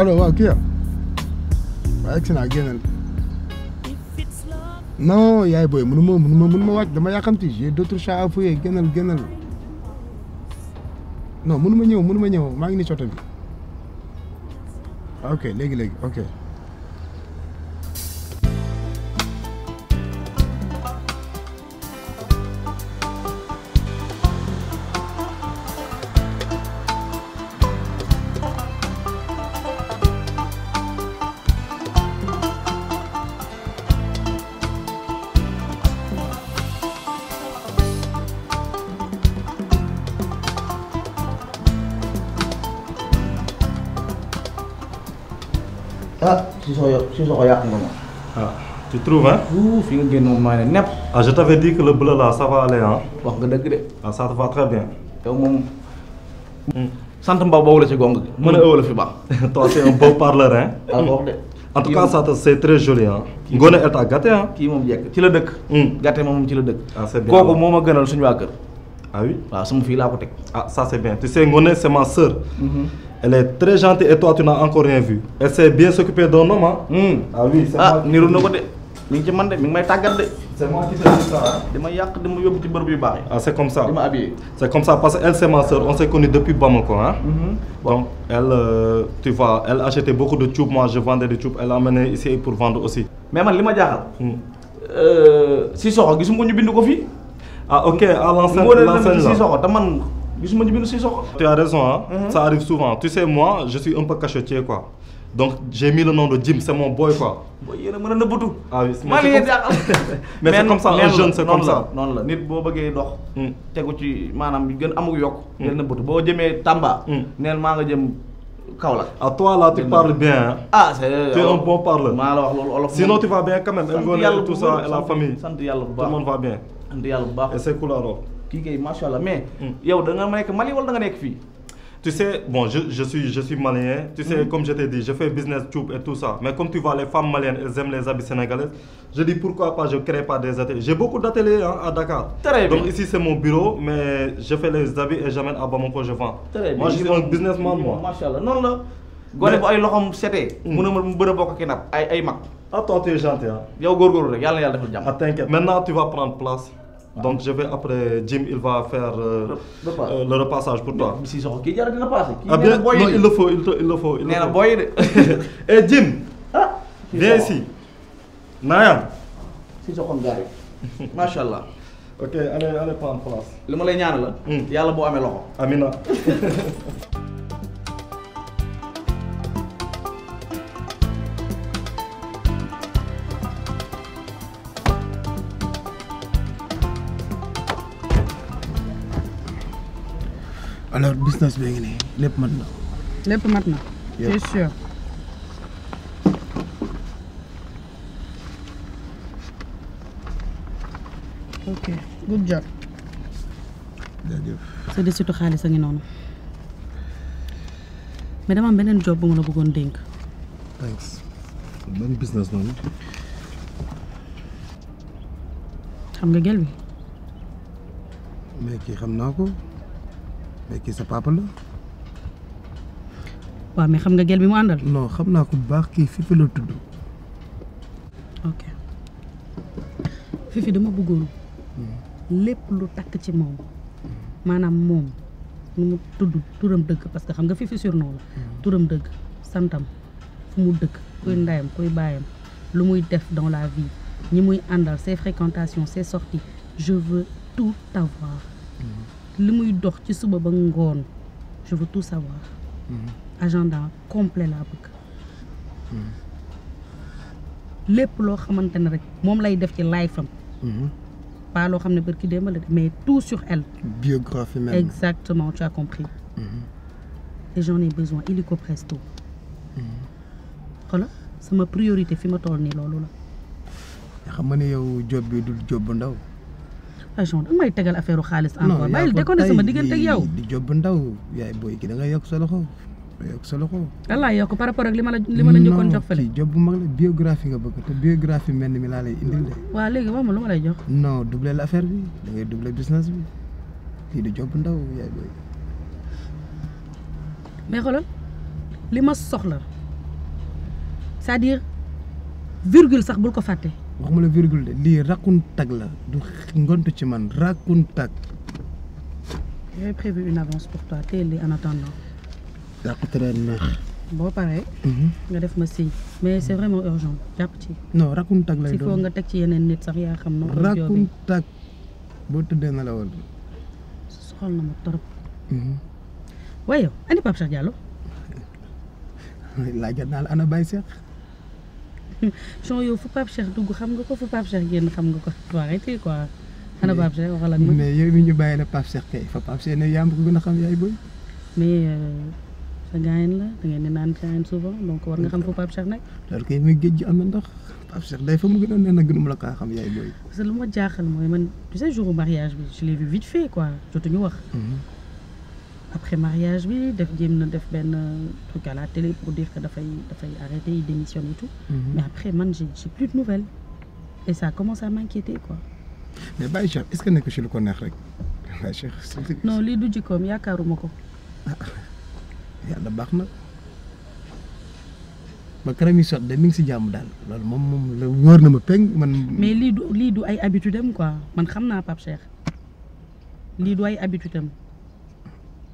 allo waaw kii ya waaye egg si naa génnal non yaay booy mënu ma mënu ma mënu ma wàcc dama yàqamti j'ai d'autres chats à fouiller génnal génnal non mënu ma ñëw mënu ma ñëw maa ngi ni coto bi ok léegi léegi ok si soo yàq si soo yàq nga ma. ah tu trouves hein. nga génn moom maa ne nepp. ah je t'avais dit que le bleu là ça va aller hein. wax nga dëgg de. ah ça te va très bien. yow moom. Hmm. sant mbaw boobu la ci gong gi. Hmm. mën a ëwala fi baax. toi c'est un beau parleur hein. ah très joli ah. Ngoné est à ah. kii moom jekk ci la dëkk. Hmm. gàtte moom ci la dëkk. ah c'est bien kooku moo ma gënal suñu waa kër. ah oui waaw sama fii laa ko teg. ah ça c'est bien tu sais Ngoné c'est ma sœur. Mm-hmm. Elle est très gentille et toi tu encore rien vu. Elle s'est bien s'occuper d'un homme ah. ah oui ah, na ko de mi ngi ci man de mi ngi may tàggat de. c'est moi dama yàq dama yóbbu ci bërëb yu baax yi. ah c'est comme ça dama habillé. c'est comme ça parce que elle c'est ma sœur on s'est connus depuis Bamako ah. donc elle euh, tu vois elle achetait beaucoup de tchoub moi je vendais des tchoub elle amenait ici pour vendre aussi. mais man li ma jaaxal. Hmm. Euh, si soxo gisuma ko ñu bind ko fii. ah ok à l'enseigne l'enseigne la si soxo te man. gisuma ñu bind si soxla. tu as raison ah. ça arrive souvent tu sais moi je suis un peu cachotier quoi. donc j'ai mis le nom de Jim c'est mon boy quoi. booy yéen a mën a nëbbatu. ah oui mais c'est comme ça un jeune la nit boo bëggee dox. Mm. tegu ci maanaam gën amuk yokk. ngeen mm. nëbbatu boo jëmee Tamba. Mm. neel maa nga jëm Kaolack. ah toi là ah, la wax loolu olof sinon tu vas bien quand même. sant yàlla la famille. sant yàlla bu baax tout le yàlla bu baax et c'est cool alors. kii kay macha allah mais. Hmm. yow da nga nekk Mali wala da nga nekk fii. tu sais bon je je suis je suis malien tu sais mmh. comme je t'ai dit je fais business tube et tout ça mais comme tu vois les femmes maliennes elles aiment je dis pourquoi pas je crée pas des ateliers j'ai beaucoup d'ateliers hein, à Dakar Très donc bien. ici mon bureau mais je fais les habits et j'amène à Bamako je je suis un businessman moi machallah noonu la gone bu ay loxom setee hmm. ay ay mag attends ah, tu es gentil yow góorgóorlu rek yàlla na yàlla defal jàmm ah donc ah. je vais après Jim il va faire. Euh, euh, le repassage pour toi. si soxla kii jarul dina passé. kii nee na booy yi il le faut il le faut. nee na booy yi de. et eh, Jim. ah viens ici. Naayam. si soxam gars yi macha allah. ok allez allez prendre place. li ma lay ñaan la. Hmm. yàlla boo amee loxo. amina. alors business bee lépp mat na. lépp mat na. c'est sûr. ok good job. jaajëf. sa desitu xaalis a noonu. mais dama beneen job bu ma la bëggoon dénk. thanks. ban business noonu. xam nga gel bi. mais kii xam naa ko. mais kii sa papa la. waaw mais xam nga gel bi mu àndal. non xam naa ko bu baax kii Fifi loo tudd. ok Fifi dama buggoon hmm. lépp lu takk ci moom maanaam moom nu mu tudd turam dëgg parce que xam nga Fifi surnom la. Hmm. turam dëgg santam fu mu dëkk kuy hmm. ndeyam kuy baayam lu muy def dans la vie ñi muy àndal ses fréquentations ses sorti je veux tout avoir. li muy dox ci suba ba ngoon je veux tout savoir mm-hmm. agenda complet laa bëgg mm-hmm. lépp loo xamante ne rek moom lay def ci life am mm-hmm. pas loo xam ne bërki démb la mais tout sur elle biographie même exactement tu as compris et j'en ai besoin illico presto xoolal sama priorité fi ma toll nii loolu la xam nga ne yow job bi du job bu ndaw agent da may tegal affaire xaalis encore bàyyil de ko ne yow di job ndaw yaay booy ki da ngay yokk sa loxo yokk sa par rapport ak li ma la li ma la njëkkoon job bu mag la biographie nga bëgg mel ni mi laa lay indil de waaw léegi wax ma lu ma lay jox non doublé la affaire bi da ngay business bi kii di job ndaw yaay booy mais xoolal li ma soxla c'est-à-dire virgule ko fàtte waxuma la virgule de lii racontac la du ngontu ci man racontac. j'avais prévu une avance pour toi teel en attendant. racontac neex. boo paree. Mhm. nga def ma signe mais c'est vraiment urgent jàpp ci. non racontac lay doon si foog nga teg ci yeneen nit sax yaa xam. noo racontac boo tëddee na la woon. soxal na ma torop. Mhm. waaye yow andi Pape Cheikh Diallo. laajal naa la ana Baye son yow fu Pape Cheikh dugg xam nga ko fu Pape Cheikh génn xam nga ko waaye tey quoi. xana Pape Cheikh waxal ma mais yow mi ñu bàyyi la Pape Cheikh kay fa Pape Cheikh ne yaa ko gën a xam yaay boy mais euh, sa gaayen la da ngeen di naan gaayen souvent donc war nga xam fu Pape Cheikh nag. loolu kay am na ndox fa mu gënoon nee na gënum la xam yaay boy parce que lu ma jaaxal mooy man tu sais jour mariage bi je l'ai vu vite fait quoi wax. Mhm. après mariage bi def jéem na def benn truc à la télé pour dafay dafay arrêter il démissionne et tout. Mm -hmm. mais après man j'ai j'ai plus de nouvelles et ça commence à m'inquiéter quoi. mais Baye Cheikh est-ce ko neex rek Baye lii du jikkoom yaakaaruma ko. Ah, yàlla baax na ba kanam yi sot de mi ngi si jàmm daal loolu moom moom la wóor na ma peng man. mais lii du lii du ay habitude am quoi man xam naa Pape Cheikh lii du ay habitude am.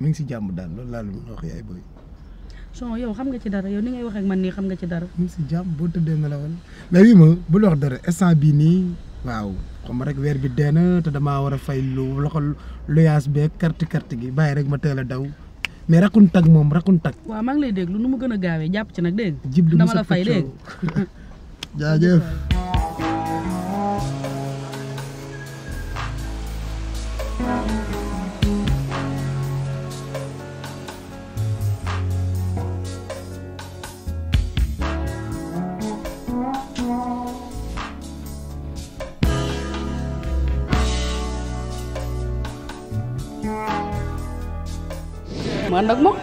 mi ngi si jàmm daal loolu laa leen wax yaay booy. son yow xam nga ci dara yow ni ngay wax man nii xam nga ci dara. mi ngi si jàmm boo tëddee na la woon mais wi ma bul wax dara instant bii nii waaw xam rek weer bi dee na damaa war a fay lu loxo loyaas beeg carte carte gi bàyyi rek ma teel a daw. mais rakun tag moom rakun tag. waaw maa ngi lay déglu nu mu gën a gaawee jàpp ci nag dégg nga. dama la fay dégg jaajëf. ma ànd ak moom.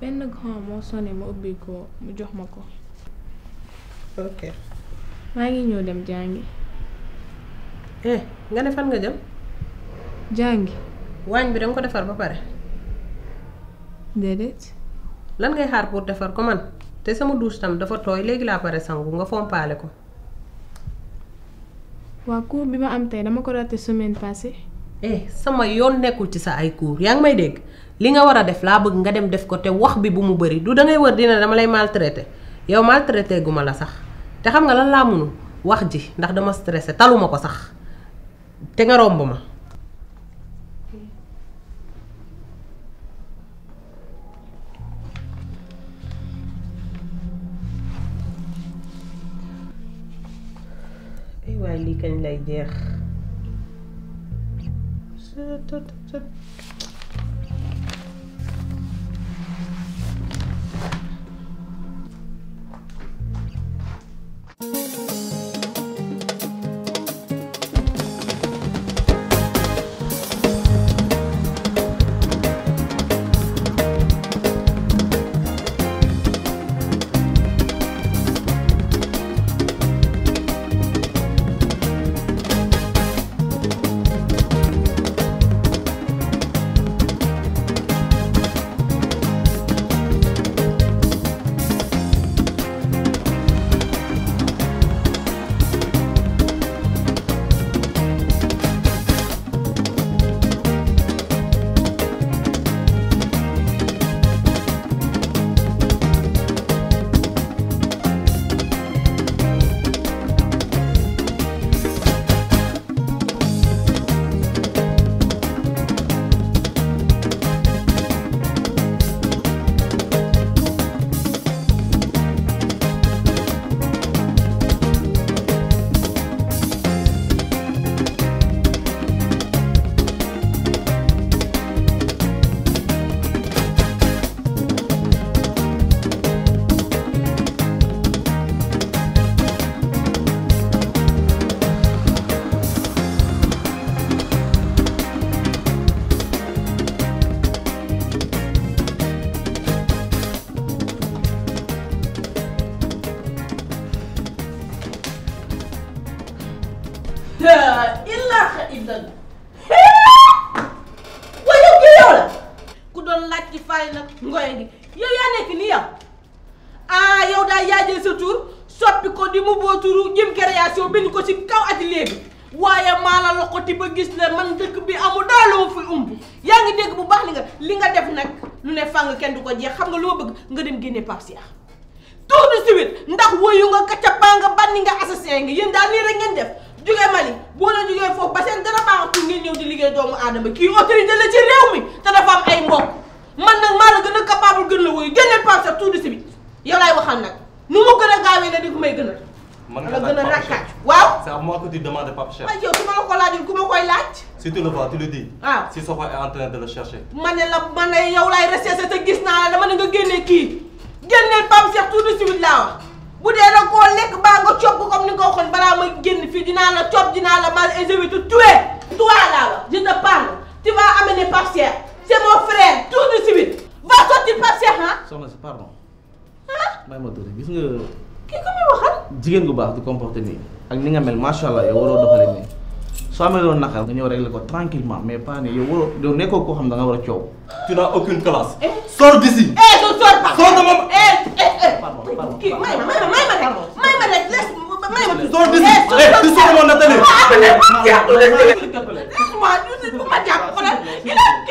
benn grand moo sonné ma ubbi ko mu jox ma ko. ok. maa ngi ñëw dem jàngi. eh nga ne fan nga jëm. jàngi. waañ bi danga ko defar ba pare. déedéet. lan ngay xaar pour defar ko man te sama douche tam dafa tooy léegi laa pare sangu nga fompale ko. waa cours bi ma am tey dama ko raté semaine passée. eh sama yoon nekkul ci sa ay cours yaa ngi may dégg li nga war a def laa bëgg nga dem def ko te wax bi bu mu bëri du dangay wër dina dama lay maltraité yow maltraité gu ma la sax te xam nga lan laa mënu wax ji ndax dama stressé taluma ko sax te nga romb ma. jeex lu ne fàng kenn du ko jeex xam nga lu ma bëgg nga dem génne Pape Cheikh tourne suite ndax woyu nga kacca baa nga bànni nga assassin nga yéen daal nii rek ngeen def jógee Mali boo la jógee foofu ba seen dara baaxatul ngeen ñëw di liggéey doomu aadama kii autorité la ci réew mi te dafa am ay mbokk man nag maa la gën a capable gën la woyu génneel Pape Cheikh tourne suite yow laay waxal nag nu ma gën a gaawee ne di ko may gënal man nga gën a rakkaat waaw. c'est à moi que tu demandes Pape Cheikh. Ah, ma la ko laajul ku ma koy laaj. si tu le vois tu le dis. waaw ah. si Soxla est en de le chercher. ma la ma yow laay recherché te gis naa la dama ne nga génne kii génneel Pape Cheikh de suite laa wax bu dee da koo lekk baa nga copp comme ni nga ko waxoon balaa may génn fii dinaa la copp dinaa la mal et je vais te laa la je te parle tu vas amener Pape Cheikh c'est mon de suite va sortir Pape Cheikh ah. soxna kii ko muy waxal. jigéen gu baax du comporté nii ak ni nga mel macha allah yow waroo doxalee nii soo amee loolu naqar nga ñëw régler ko tranquillement mais pas ne yow waroo yow nekkoo koo xam da nga a coow. tu n'as aucune classe. Eh? sors d'ici. eh je sors pas. Eh, eh, ma may ma may ma nekk ma nekk les may ma. sors d'ici tu sors de moom Nathalie. waaw am na ma jàpp la. ma jàpp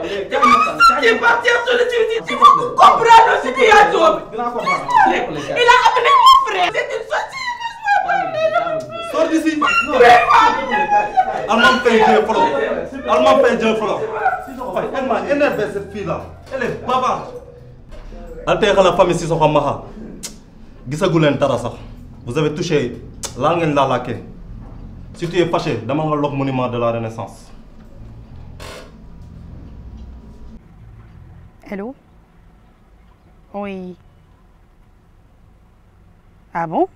waaw léegi jaay ma sant jaay ma sant comprendre situation bi. dinaa comprendre il a amené mon frère. c'est une sortie. Almam fait deux flops. Almam fait deux flops. Fay elle m'a énervé cette fille là. Elle est bavarde. alteexa la famille Sissoko Maxa gisagu leen dara sax vous avez touché laal ngeen laalaakee si tu es fâché dama nga lox monument de la renaissance Hello Oui. Ah bon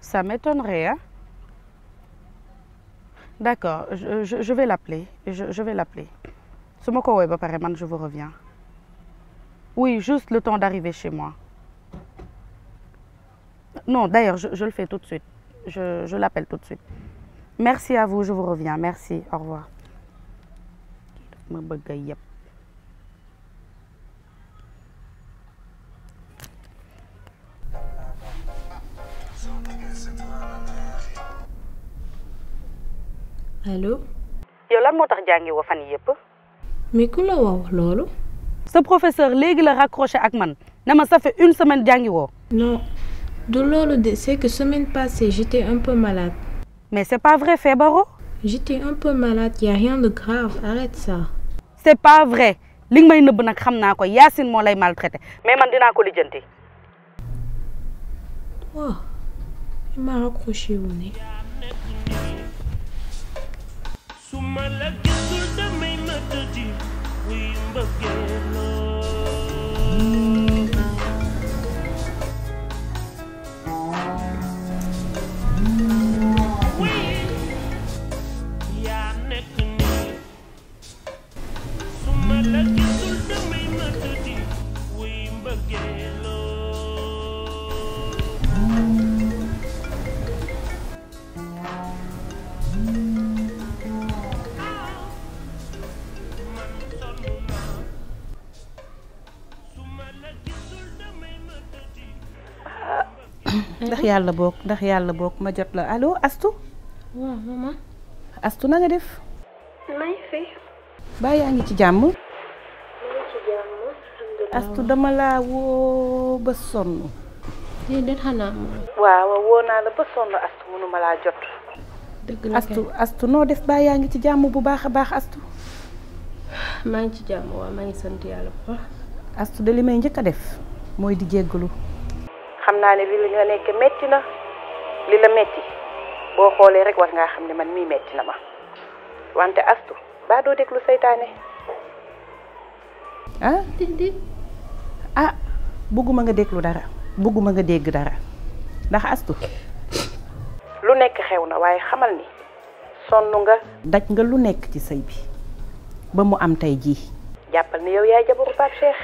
Ça m'étonnerait, hein D'accord, je, je, je vais l'appeler. Je, je vais l'appeler. su ma ko woowee ba pare man je vous reviens oui juste le temps d'arriver chez moi non d'ailleurs je, je le tout de suite je, je l'appelle tout de suite merci à vous je vous reviens merci au revoir ma bëgg a yëpp allo. yow lan moo tax jàngi wa fan yëpp. mais ku la wax loolu. sa professeur léegi la raccroché ak man na ma ça fait une semaine jàngi woo. non du loolu de c'est que semaine passée j'étais un peu malade. mais c'est pas vrai feebaroo. j'étais un peu malade y a rien de grave arrête ça. c'est pas vrai li nga may nëbb nag xam naa ko Yacine moo lay maltraité mais man dinaa ko lijjanti. waaw ndax yàlla boog ndax yàlla boog ma jot la aloo Astu. waaw Astu na def. maa ngi baa ngi ci jàmm. maa ngi ci jàmm. Astu dama laa woo ba sonn. la ba Astu mënuma laa jot. dëgg la Astu noo def baa yaa ngi ci jàmm bu baax a baax Astu. maa ngi ci jàmm ngi sant yàlla li may njëkk a def mooy di jéggalu. xam naa ne li li nga nekk metti na li la metti boo xoolee rek war ngaa xam ne man mii metti na ma wante astu baa doo déglu seytaane ah Tindi ah bëgguma nga déglu dara bëgguma nga dégg dara ndax astu lu nekk xew na waaye xamal ni sonn nga daj nga lu nekk ci sëy bi ba mu am tey jii jàppal ni yow yaay jabaru Pape Cheikh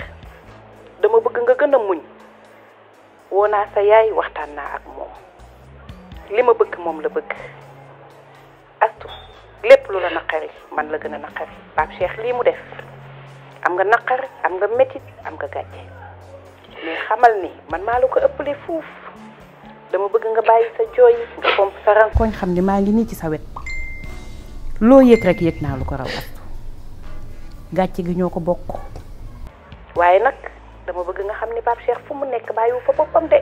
dama bëgg nga gën a muñ woo naa sa yaay waxtaan naa ak moom li ma bëgg moom la bëgg astu lépp lu la naqari man la gën a naqari Pape Cheikh lii mu def am nga naqar am nga métit am nga gàcce mais xamal ni man maa la ko ëppale fuuf dama bëgg nga bàyyi sa jooy nga pomp sa rankoñ xam ni maa ngi nii ci sa wet loo yëg rek yëg naa lu ko raw astu gàcce gi ñoo ko bokk waaye nag dama bëgg nga xam ni Pape Cheikh fu mu nekk bàyyiwu fa boppam de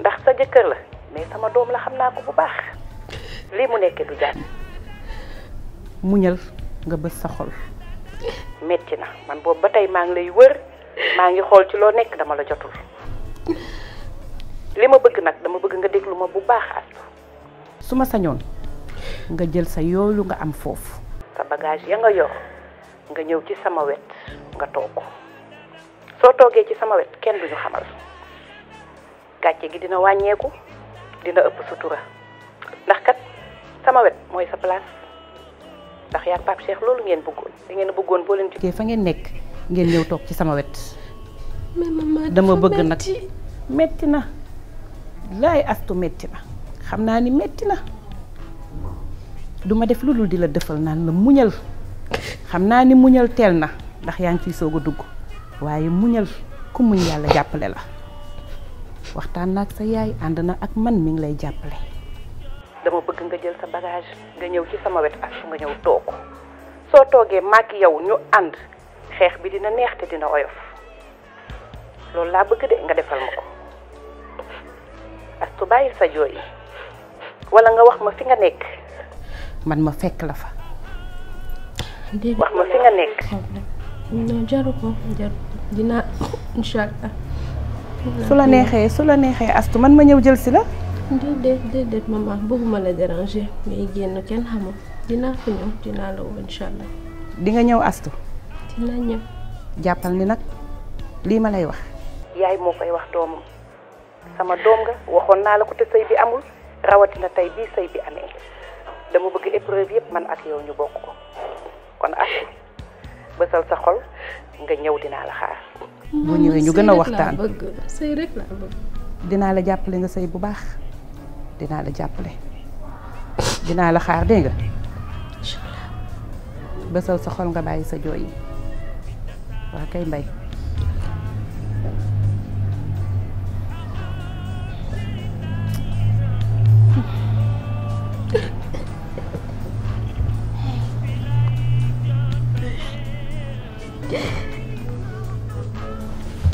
ndax sa jëkkër la mais sama doom la xam naa ko bu baax lii mu nekkee du jaar muñal nga bës sa xol metti na man boobu ba tey maa ngi lay wër maa ngi xool ci loo nekk dama la jotul li ma bëgg nag dama bëgg nga déglu ma bu baax Astou su ma sañoon nga jël sa yooyu nga am foofu sa bagage ya nga yor nga ñëw ci sama wet nga toog soo toogee ci sama wet kenn duñu xamal gàcce gi dina wàññeeku dina ëpp sutura ndax kat sama wet mooy sa place ndax yaa Pape Cheikh loolu ngeen bëggoon da bëggoon boo leen jógee fa ngeen nekk ngeen ñëw toog ci sama wet dama bëgg nag metti na laay astu metti na xam naa ni metti na duma def lu lul di la defal naan la muñal xam naa ni muñal teel na ndax yaa ngi ciy soog a dugg waaye muñal ku muñ yàlla jàppale la waxtaan naag sa yaay ànd na ak man mi ngi lay jàppale. dama bëgg nga jël sa bagage nga ñëw ci sama wet ak nga ñëw toog soo toogee maak yow ñu ànd xeex bi dina neex te dina oyof loolu laa bëgg de nga defal ma ko astu bàyyil sa jooy wala nga wax ma fi nga nekk. man ma fekk la fa. wax ma fi nga nekk. non jaru ko jaru dinaa incha allah. su la neexee su la neexee astu man ma ñëw jël si la. déedéet déedéet maman bëgguma la déranger mais génn kenn xamul dinaa fi ñëw dinaa la woo incha allah. di nga ñëw astu. dinaa ñëw. jàppal ni nag lii ma lay wax. yaay moo koy wax doomam sama doom nga waxoon naa la ko te sëy bi amul rawatina tey bii sëy bi amee dama bëgg épreuve yëpp man ak yow ñu bokk ko kon astu. bësal sa xol nga ñëw dinaa la xaar. Mm, bu ñëwee ñu gën a waxtaan sëy rek laa bëgg. dinaa la jàppale nga sëy bu baax dinaa la jàppale dinaa la xaar dégg nga. bësal sa xol nga bàyyi sa jooy yi waa kay mbay.